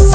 you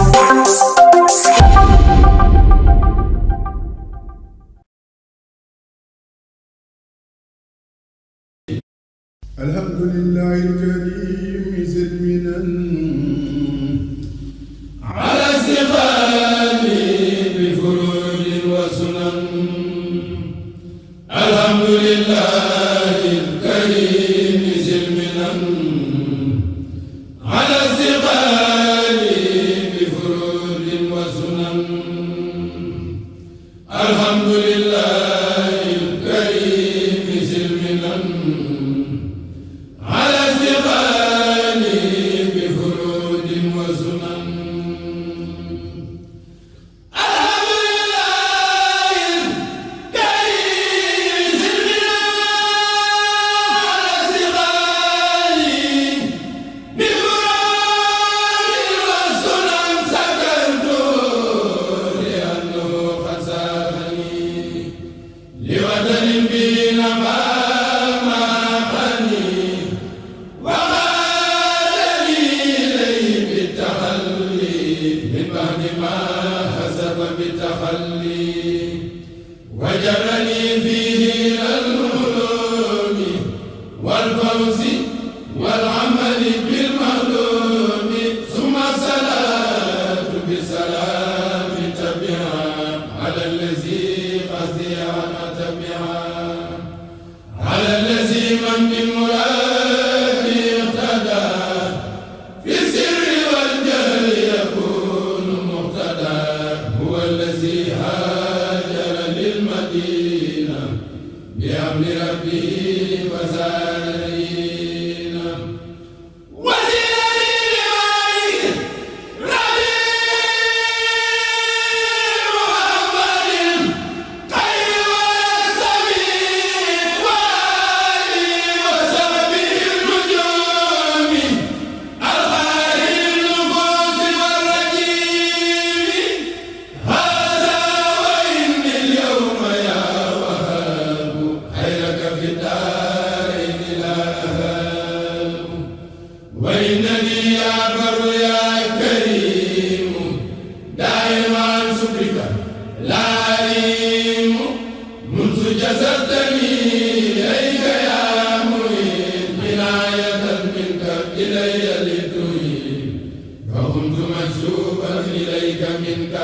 منسوبا إليك منك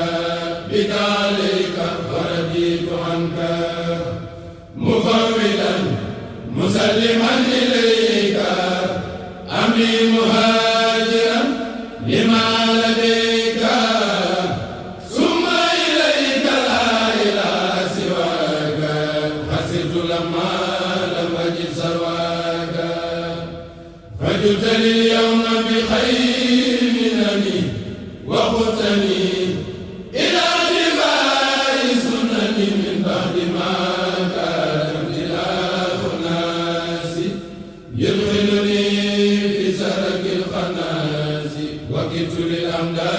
بك عليك ورديت عنك مفولا مسلما إليك أمي مهاجرا لما لديك sudilam dar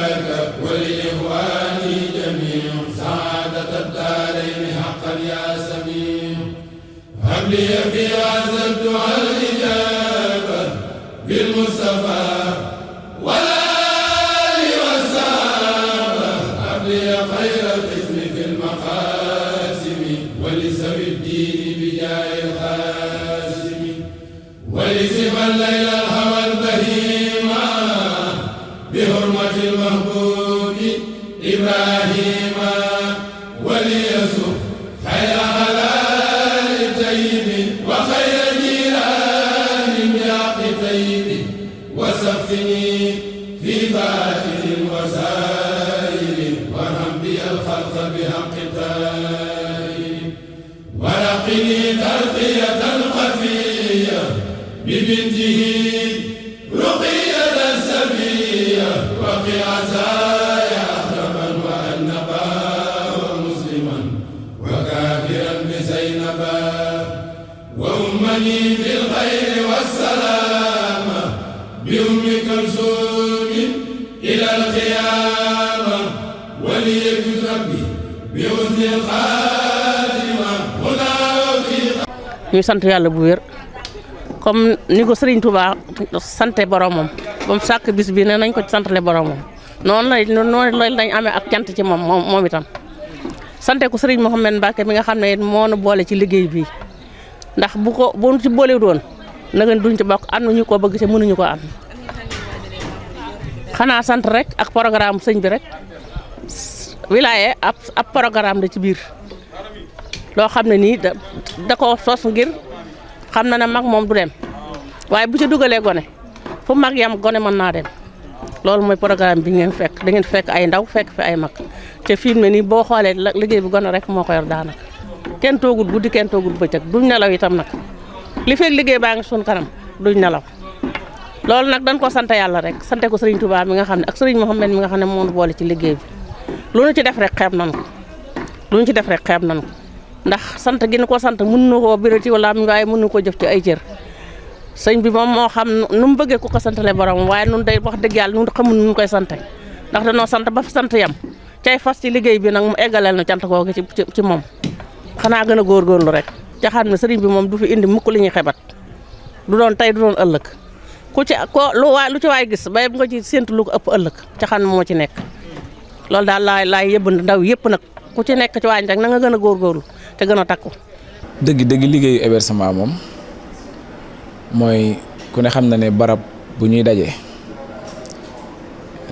ولإخواني جميع سعادة الدارين حقا يا سميع هب لي في هذا الدعاء الإجابة بالمصطفى ولا ñuy sant yàlla bu wér comme ni ko Serigne Touba sante boromam ba mu sàkk bis bi ne nañ ko santale boromam noonu lay noonu lañ amee ak cant ci moom moom itam. sante ko Serigne Mouhamed Mbacke mi nga xam ne it moo nu boole ci liggéey bi ndax bu ko bu ci boole doon nag duñ ci bokk am na ñu ko bëgg te mënuñu ko am. xanaa sant rek ak programme sëñ bi rek wilaaye ab ab programme la ci biir loo xam ne nii da da ngir. xam na ne mag moom du dem waaye bu ci dugalee gone fu mag yam gone mën naa dem loolu mooy programme bi ngeen fekk da ngeen fekk ay ndaw fekk fi ay mag te fi mu ne nii boo xoolee liggéey bi gone rek moo ko yor daanaka kenn toogul guddi kenn toogul bëccëg duñ nelaw itam nag li fekk liggéey baa ngi suñ kanam duñ nelaw loolu nag dañ ko sant yàlla rek sante ko Serigne Touba mi nga xam ne ak Serigne Mohamed mi nga xam ne moo boole ci liggéey bi lu ci def rek xeeb nañ ko ci def rek xeeb nañ ko ndax sant gi nu ko sant mun nu koo birati wala waaye mun nu ko jëf ci ay cër sëñ bi moom moo xam nu mu bëggee ko ko santale borom waaye nun day wax dëgg yàlla nun xamul nu koy sante ndax danoo sant ba sant yam cay fas ci liggéey bi nag mu eggaleel na cant kooku ci ci moom xanaa gën a góor góorgóorlu rek ca xam ne sëriñ bi moom du fi indi mukk li ñuy xebat du doon tey du doon ëllëg ku ci ko lu waay lu ci waay gis bay nga ci séntu lu ko ëpp ëllëg ca xam moo ci nekk loolu daal laay laay yëbb ndaw yëpp nag ku ci nekk ci waañ rek na nga gën a góorgóorlu te gën a takku. dëgg dëgg liggéeyu hébergement moom mooy ku ne xam na ne barab bu ñuy dajee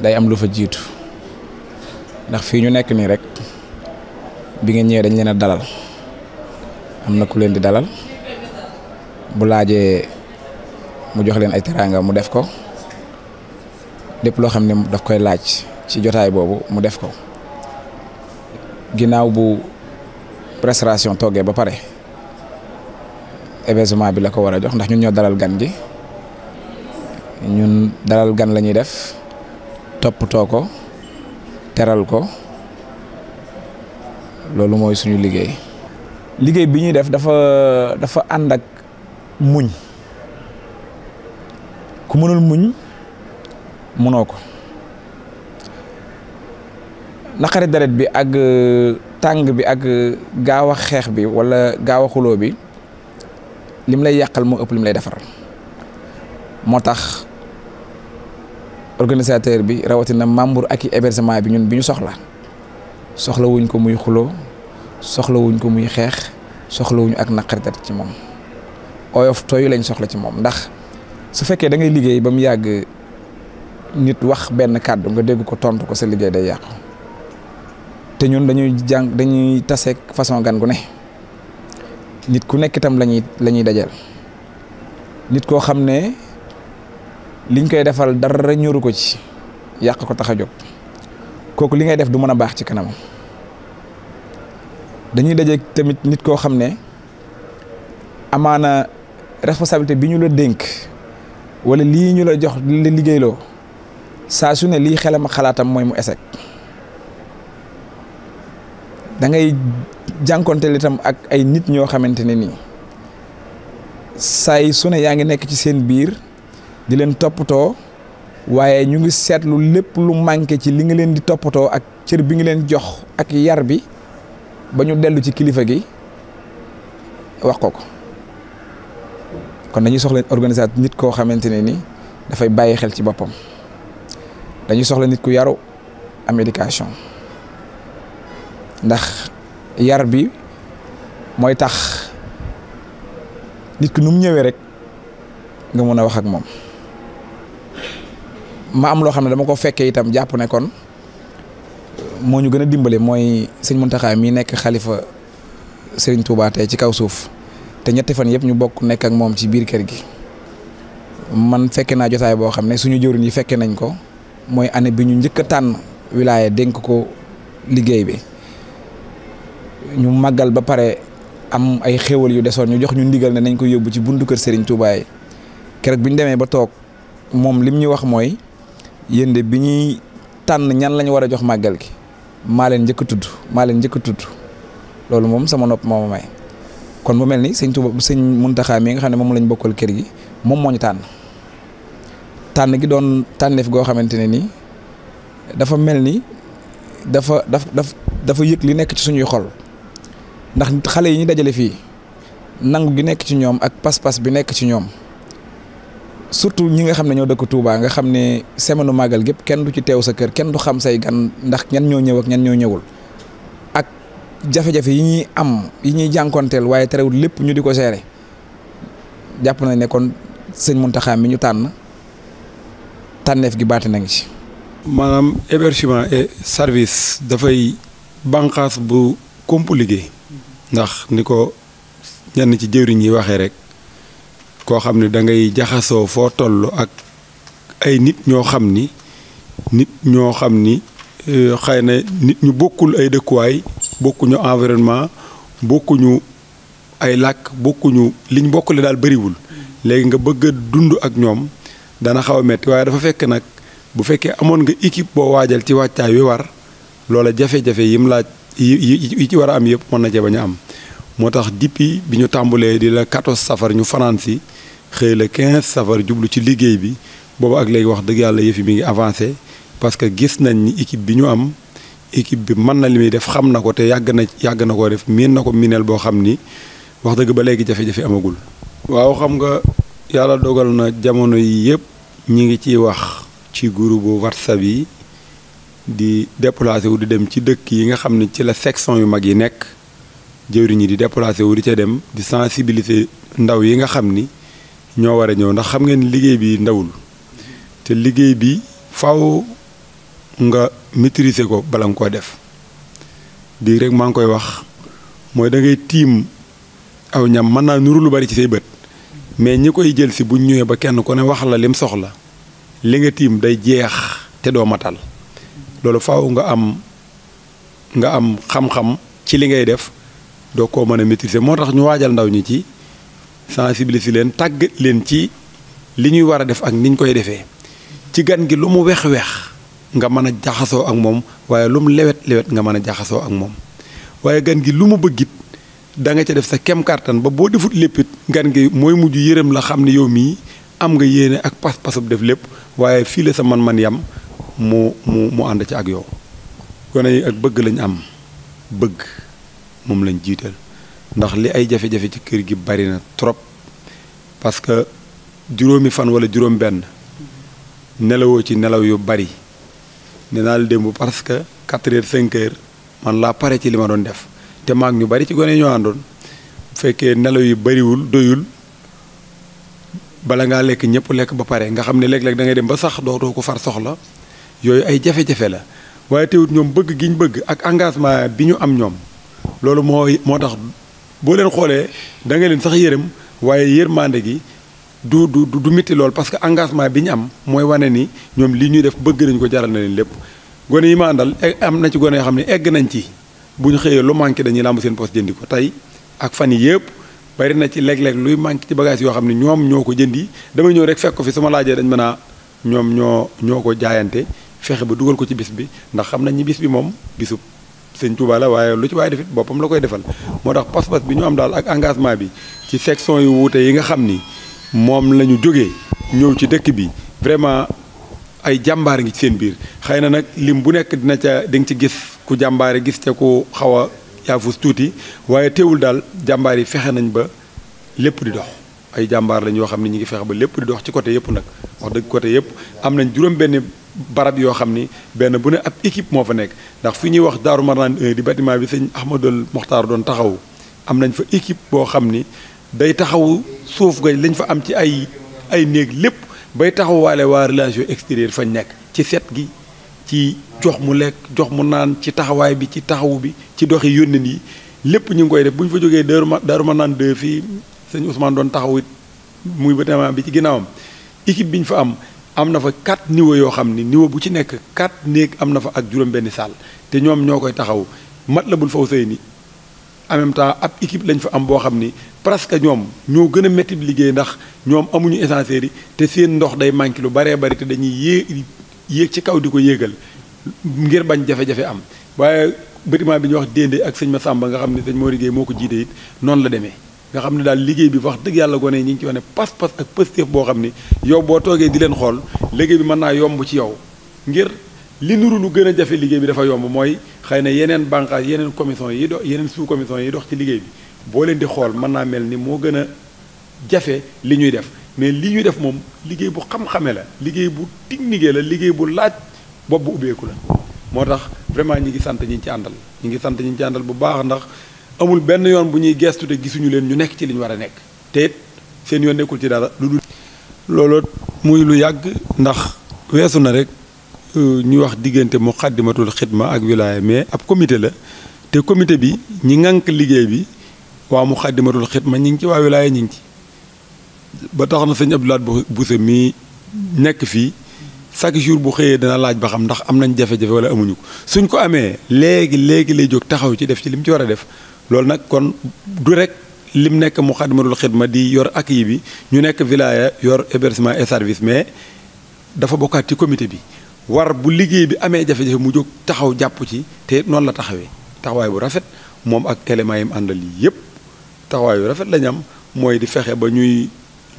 day am lu fa jiitu ndax fii ñu nekk nii rek bi nga ñëwee dañ leen a dalal am na ku leen di dalal bu laajee mu jox leen ay teraanga mu def ko lépp loo xam ne daf koy laaj ci jotaay boobu mu def ko. ginnaaw bu prestation toogee ba pare événement bi la ko war a jox ndax ñun ñoo dalal gan ji ñun dalal gan la ñuy def toppatoo ko teral ko loolu mooy suñu liggéey. liggéey bi ñuy def dafa dafa ànd ak muñ ku mënul muñ mënoo ko. naqari deret bi ak euh, tang bi ak euh, gawa xex bi wala gawa xulo bi lim lay yakal mo ëpp lim lay defar motax organisateur bi na membre ak hébergement bi ñun biñu soxla soxla wuñ ko muy xulo soxla wuñ ko muy xex soxla wuñ ak naqari deret ci moom oyof tooyu lañ soxla ci mom ndax su fekke da ngay liggéey bam yag nit wax ben kaddu nga dégg ko tontu ko sa liggéey day te ñun dañuy jàng dañuy taseeg façon gan gu ne nit ku nekk lañuy la dajal nit koo hamne linka liñ koy defal dara ñoru ko ci yàq ko tax a li ngay def du mën a baax ci kanamam dañuy daje tamit nit koo xam ne amaana responsabilité bi la dénk wala lii ñu la jox li la liggéeyloo su xalaatam mu échec da ngay jànkonteel itam ak ay nit ñoo xamante ne nii say su ne yaa ngi nekk ci seen biir di leen toppatoo waaye ñu ngi seetlu lépp lu manqué ci li nga leen di toppatoo ak cër bi nga leen jox ak yar bi ba ñu dellu ci kilifa gi wax ko ko kon dañuy soxla organisateur nit koo xamante ne ni dafay bàyyi xel ci boppam dañuy soxla nit ku yaru am éducation ndax yar bi mooy tax nit ki nu mu ñëwee rek nga mën a wax ak moom ma am loo xam ne dama ko fekkee itam jàpp ne kon moo ñu gën a dimbale mooy sëñ Muntaxa mii nekk xalifa sëriñ Touba ci kaw suuf te ñetti fan yëpp ñu bokk nekk ak moom ci biir kër gi man fekke naa jotaay boo xam ne suñu jëwriñ yi fekke nañ ko mooy année bi ñu njëkk a tànn wilaya dénk ko liggéey bi ñu magal ba paré am ay xéewal yu déssone ñu jox ñu ndigal né nañ ko yobbu ci buntu kër Serigne Touba yi keroog buñu démé ba tok mom lim ñu wax moy yéen de tan ñan lañ wara jox magal gi ma leen jëk tudd ma leen jëk tudd loolu mom sama nopp mom may kon mu melni ni Touba Serigne Muntaxa mi nga xamné mom lañ bokkal kër gi mom moñu tan tan gi doon tanef go xamanteni ni dafa mel ni dafa dafa yëg li nekk ci suñuy xol ndax xale yi ñu dajale fi. nangu gi nekk ci ñoom ak pas-pas bi nekk ci ñoom surtout ñi nga xam ne ñoo dëkk Touba nga xam ne semaine màggal gépp kenn du ci teew sa kër kenn du xam say gan ndax ñan ñoo ñëw ak ñan ñoo ñëwul ak jafe-jafe yi am yi jang kontel. waaye terewul lépp ñu di ko gérer jàpp nañ kon sëñ Mountakha mi ñu tan tànneef gi baati na ngi ci. maanaam hébergement et service dafay bankas bu kompu ndax ni ko ñenn ci jëwriñ yi waxee rek koo xam ne da ngay jaxasoo foo toll ak ay nit ñoo xam ni nit ñoo xam ni euh, xëy na nit ñu bokkul ay dëkkuwaay bokkuñu environnement bokkuñu ay làkk bokkuñu liñ bokkule daal bëriwul léegi nga bëgg dund ak ñoom dana xaw a metti waaye dafa fekk nag bu fekkee amoon nga équipe boo waajal ci wàccaay wi war loola jafe-jafe yim laaj yi ci war a am yëpp mën na cee bañ am moo tax depuis bi ñu tàmbalee di la 14 safar ñu fanaan si xëy la 15 safar jublu ci liggéey bi boobu ak léegi wax dëgg yàlla yëf yi mi ngi avancé parce que gis nañ ni équipe bi ñu am équipe bi mën na li muy def xam na ko te yàgg na yàgg na koo def miin na ko mineel boo xam ni wax dëgg ba léegi jafe-jafe amagul. waaw xam nga yàlla dogal na jamono yi yëpp ñi ngi ciy wax ci groupe WhatsApp yi. di déplacé wu di dem ci dëkk yi nga xam ne ci la section yu mag yi nekk jëwriñ yi di déplacé wu di ca dem di sensibiliser ndaw yi nga xam ni ñoo war a ñëw ndax xam ngeen liggéey bi ndawul te liggéey bi faw nga maîtriser ko bala nga koo def bii rek maa ngi koy wax mooy da ngay tiim aw ñam mën naa nuru lu bari ci say bët mais ñi koy jël si buñ ñëwee ba kenn ku ne wax la lim soxla li nga tiim day jeex te doo matal lolu faaw nga am nga am xam-xam ci li ngay def do ko meuna maîtriser motax ñu wajal ndaw ñi ci sensibiliser len tag len ci li ñuy wara def ak niñ koy defé ci gan gi lu mu wex-wex nga meuna a ak mom waye lu mu lewet-lewet nga meuna a ak mom waye gan gi lu mu bëggit da nga ca def sa kem carton ba bo defut lepit gan gi moy muju yërem la xamni ne yow mi am nga yene ak pass pasub def lepp waye fi le sa man-man yam mu mu mu ànd ci ak yow gone yi ak bëgg lañ am bëgg mom lañ jiital ndax li ay jafé jafé ci kër gi bari na trop parce que juroomi fan wala juroom ben nelawoo ci nelaw yu bari ne naa la démb parce que 4h 5h man la paré ci lima ma doon def té maag ñu bari ci gone ñu andon bu nelaw yu bari wul doyul bala nga lek ñepp lek ba paré nga xamné lek lek da ngay dem ba sax dootoo ko far soxla yoy ay jafé jafé la waye téwut ñom bëgg giñ bëgg ak engagement bi ñu am ñom lolu mo mo tax bo leen xolé da nga leen sax yërem waye yërmandé gi du du du métti lool parce que engagement bi ñu am moy wané ni ñom li ñuy def bëgg nañ ko jaral na leen lépp gone yi ma àndal e, am na ci gone yo xamni egg nañ ci buñ xeyé lu manqué dañuy lamb seen poste jëndiko tay ak fan yépp bari na ci léeg-léeg luy manqué ci bagage yo xamni ñom ñoko jëndi dama ñëw rek fekk fi sama laaje dañ mëna ñom ñoo jaayante fexe ba dugal ko ci bis bi ndax xam nañ ni bis bi moom bisub sëñ Tuuba la waaye lu ci waaye defit boppam la koy defal moo tax pas-pas bi ñu am daal ak engagement bi ci section yu wuute yi nga xam ni moom la ñu jógee ñëw ci dëkk bi vraiment ay jàmbaar ngi ci seen biir xëy na nag lim bu nekk dina ca di nga ci gis ku jàmbaare gis ca ku xaw a yaafus tuuti waaye teewul daal jàmbaar yi fexe nañ ba lépp di dox ay jàmbaar lañ yoo xam ne ñu ngi fexe ba lépp di dox ci côté yëpp nag wax dëgg côté yëpp am nañ juróom barab yoo xam ni benn bu ne ab équipe moo fa nekk ndax fi ñuy wax Daaru Marnaan di batiment bi sëñ Ahmadul Moxtaar doon taxaw am nañ fa équipe boo xam ni day taxaw suuf ga lañ fa am ci ay ay néeg lépp bay taxawaale waa relation extérieure fañ nekk ci set gi ci jox mu lekk jox mu naan ci taxawaay bi ci taxawu bi ci doxi yónneen yi lépp ñu ngi koy def bu ñu fa jógee Daaru Daaru Marnaan de fii sëñ Ousmane doon taxaw it muy bâtiment bi ci ginnaawam équipe bi ñu fa am am na fa quatre niveau yoo xam ni niveau bu ci nekk quatre néeg am na fa ak juróom-benni salle te ñoom ñoo koy taxaw mat Matlabul Fawzayni en même temps ab équipe lañ fa am boo xam ni presque ñoom ñoo gën a métti liggéey ndax ñoom amuñu essencerie yi te seen ndox day manqué lu baree bari te dañuy yéeg yéeg ci kaw di ko yéegal ngir bañ jafe-jafe am waaye bâtiment bi ñu wax déndé ak sëñ Massamba nga xam ne sëñ moo liggéey moo ko jiite it noonu la demee. nga xam ne daal liggéey bi wax dëgg yàlla gone yi ñu ngi ci wane pas-pas ak pëstéef boo xam ni yow boo toogee di leen xool liggéey bi mën naa yomb ci yow ngir li nuru lu gën a jafe liggéey bi dafa yomb mooy xëy na yeneen bànqaas yeneen commission yi dox yeneen sous commission yi dox ci liggéey boo leen di xool mën naa mel ni moo gën a jafe li ñuy def mais li ñuy def moom liggéey bu xam-xame la liggéey bu technique la liggéey bu laaj bopp bu ubbeeku la moo tax vraiment ñi ngi sant ñi ci àndal ñi ngi sant ñi ci bu baax ndax amul benn yoon bu ñuy gestu te gisuñu leen ñu nekk ci li war a nekk te seen yoon nekkul ci dara lu dul. looloo muy lu yàgg ndax weesu na rek euh, ñu wax diggante mu xit ma ak wilaaya mais ab comité la te comité bi ñi ŋànk liggéey bi waa Muqaddimatul Xidma ñi ngi ci waa wilaaya ñi ngi ci. ba tax na sañ sëñ bu Bousse mii nekk fii chaque jour bu xëyee dana laaj ba xam ndax am nañ jafe-jafe wala amuñu ko suñ ko amee léegi léegi lay jóg taxaw ci def ci li mu ci war a def. loolu nag kon du rek lim nekk Muxaddamatul Xidma di yor ak yi bi ñu nekk wilaya yor hébergement et service mais dafa bokkaat ci comité bi war bu liggéey bi amee jafe-jafe mu jóg taxaw jàpp ci te noonu la taxawee taxawaay bu rafet moom ak éléments yi mu àndal yépp taxawaay bu rafet la ñu am mooy di fexe ba ñuy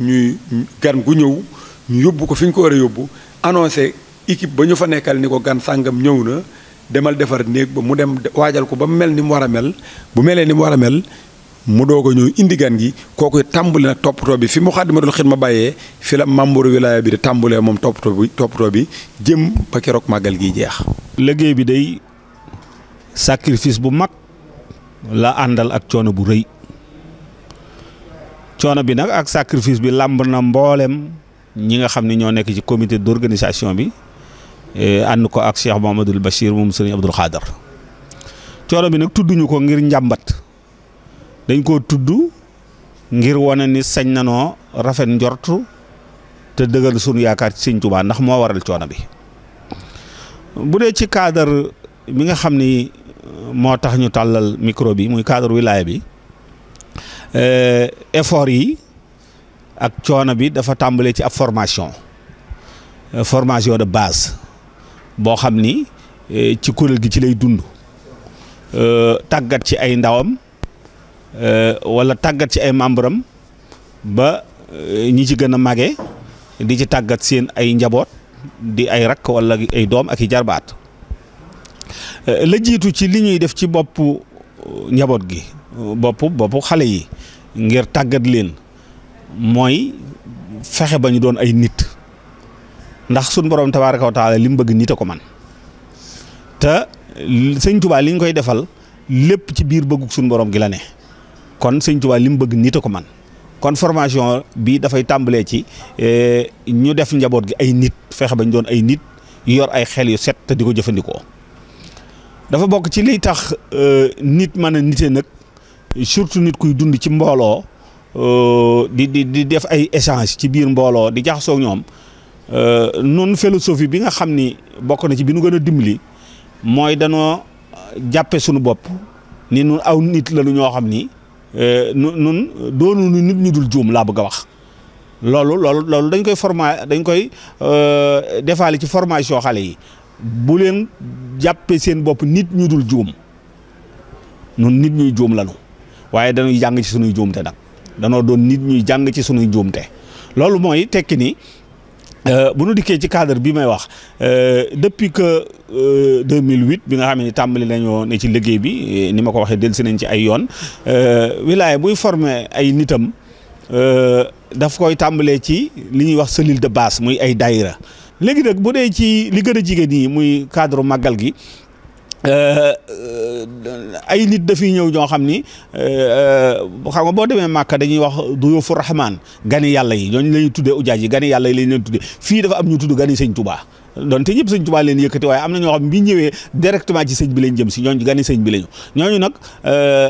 ñuy gan gu ñëw ñu yóbbu ko fi ñu ko war yóbbu annoncé équipe ba ñu fa nekkal ni ko gan sàngam ñëw na demal defar neeg ba mu dem waajal ko ba mel ni mu wara mel bu melé ni mu wara mel mu dogo ñu indi gan gi kooku tàmbali nag toppatoo bi fi mu xaadimatul xidma baye fi la membre wilaya bi tambulé mom top to bi to bi jëm ba kérok magal gi jeex. liggéey bi day sacrifice bu mak, la andal ak choono bu reuy choono bi nak ak sacrifice bi lamb na mbollem ñi nga xamni ño nek ci comité d'organisation bi. Eh, ànd ko ak Cheikh Mouhamadul Bachir moom sëriñ Abdul Xaadar coono bi nag tudduñu ko ngir njàmbat dañ koo tudd ngir wane ni sañ noo rafet njortu te dëggal sunu yaakaar ci Sëriñ Tuubaa ndax moo waral coono bi bu dee ci cadre bi nga xam ni moo tax ñu tàllal micro bi muy cadre wilaya bi eh, effort yi ak coono bi dafa tàmbalee ci ab formation eh, formation de baas boo xam ni eh, ci kuréel gi ci lay dund eh, tàggat ci ay ndawam eh, wala tàggat ci ay membre am ba ñi ci gën a màggee di ci tàggat seen ay njaboot di ay rakk wala ay doom ak i jarbaat la jiitu ci li ñuy def ci boppu njaboot gi boppu boppu xale yi ngir tàggat leen mooy fexe ba ñu doon ay nit ndax sun borom tabaaraka wa taala li mu bëgg nit a ko man te sëñ Tuubaa li ñu koy defal lépp ci biir bëggug suñu boroom gi la ne kon sëñ Tuubaa li mu bëgg nit a ko man kon formation bii dafay tàmbalee ci eh, ñu def njaboot gi ay nit fexe ba ñu doon ay nit yor ay xel yu set te di ko jëfandikoo dafa bokk ci liy tax eh, nit mën a nite nag surtout nit kuy dund ci mbooloo eh, di di di def ay échange ci biir mbooloo di jaxasoo ñoom Euh, noonu philosophie bi nga xam ni bokk na ci bi nu gën a dimbali mooy danoo jàppe suñu bopp ni nun aw nit la lu ñoo xam ni euh, nun nun doonu nu nit ñu dul juum laa bëgg a wax loolu loolu loolu dañ koy forma dañ koy euh, defaale ci formation xale yi bu leen jàppe seen bopp nit ñu dul juum nun nit ñuy juum lanu waaye dañuy jàng ci sunuy juumte nag danoo doon nit ñuy jàng ci sunuy juumte loolu mooy tekki ni Euh, bu nu dikkee ci cadre bii may wax euh, depuis que 2008 euh, bi nga xam ne tàmbali nañoo ne ci liggéey bi ni ma ko waxee dellusi nañ ci ay yoon wilaya buy forme ay nitam daf koy tàmbalee ci li ñuy wax cellule de base muy ay daayira léegi nag bu dee ci li gën a jigéen ñi muy cadre màggal gi Euh, euh, ay nit dafiy ñëw ñoo xam ni euh, xam nga boo demee Màkka dañuy wax duyufu rahmaan gani yàlla yi ñooñu la ñuy tuddee ujaaj yi gani yàlla yi la ñu leen tuddee fii dafa am ñu tudd gani sëñ Touba donte ñëpp sëñ Touba leen te waaye am na ñoo xam bi ñëwee directement ci sëñ bi lañ jëm si ñooñ gani sëñ bi lañu ñooñu nag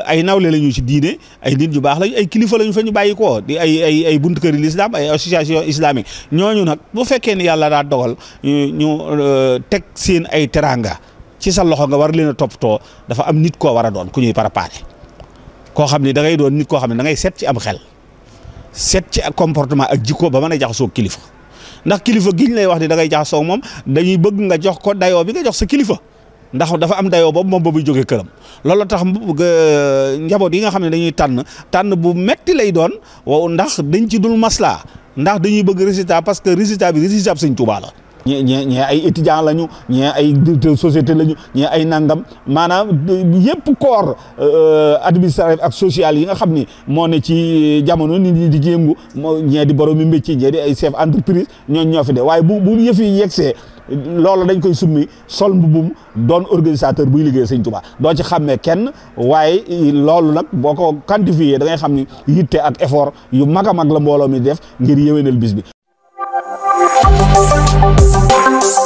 ay nawle lañu ci diine ay nit yu baax lañu ay kilifa lañu fa ñu bàyyi ko di ay ay buntu këri lislaam ay association islamique ñooñu nag bu fekkee ne yàlla daa dogal ñu teg seen ay teranga ci sa loxo nga war leen a toppatoo dafa am nit koo war a doon ku ñuy préparé koo xam ne dangay doon nit koo xam ne da ngay seet ci am xel seet ci ak comportement ak jikko ba mën a jaxasoo kilifa ndax kilifa gi ñu lay wax ne da ngay jaxasoo moom dañuy bëgg nga jox ko dayoo bi nga jox sa kilifa ndax dafa am dayo boobu moom boobu jógee këram loolu tax euh, njaboot yi nga xam ne dañuy tànn tànn bu metti lay doon waaw ndax dañ ci dul maslaa ndax dañuy bëgg résultat parce que résultat bi résultat bi Sëñ ñe ñe ñe ay étudiant lañu ñe ay société lañu ñe ay nangam maanaam yépp corps euh, administratif ak social yi nga ne ci jamono di jéngu ñee di borom mi métier di ay chef entreprise ñoo ñoo fi bu bu yëf yi yegsee loolu dañ koy summi sol mbubum don organisateur buy liggéey seigne touba do ci xamé kenn waye lolu nak boko quantifier da ngay xamni yitté ak effort yu maga mag la mbolo mi def ngir yewenal bis bi Thank you.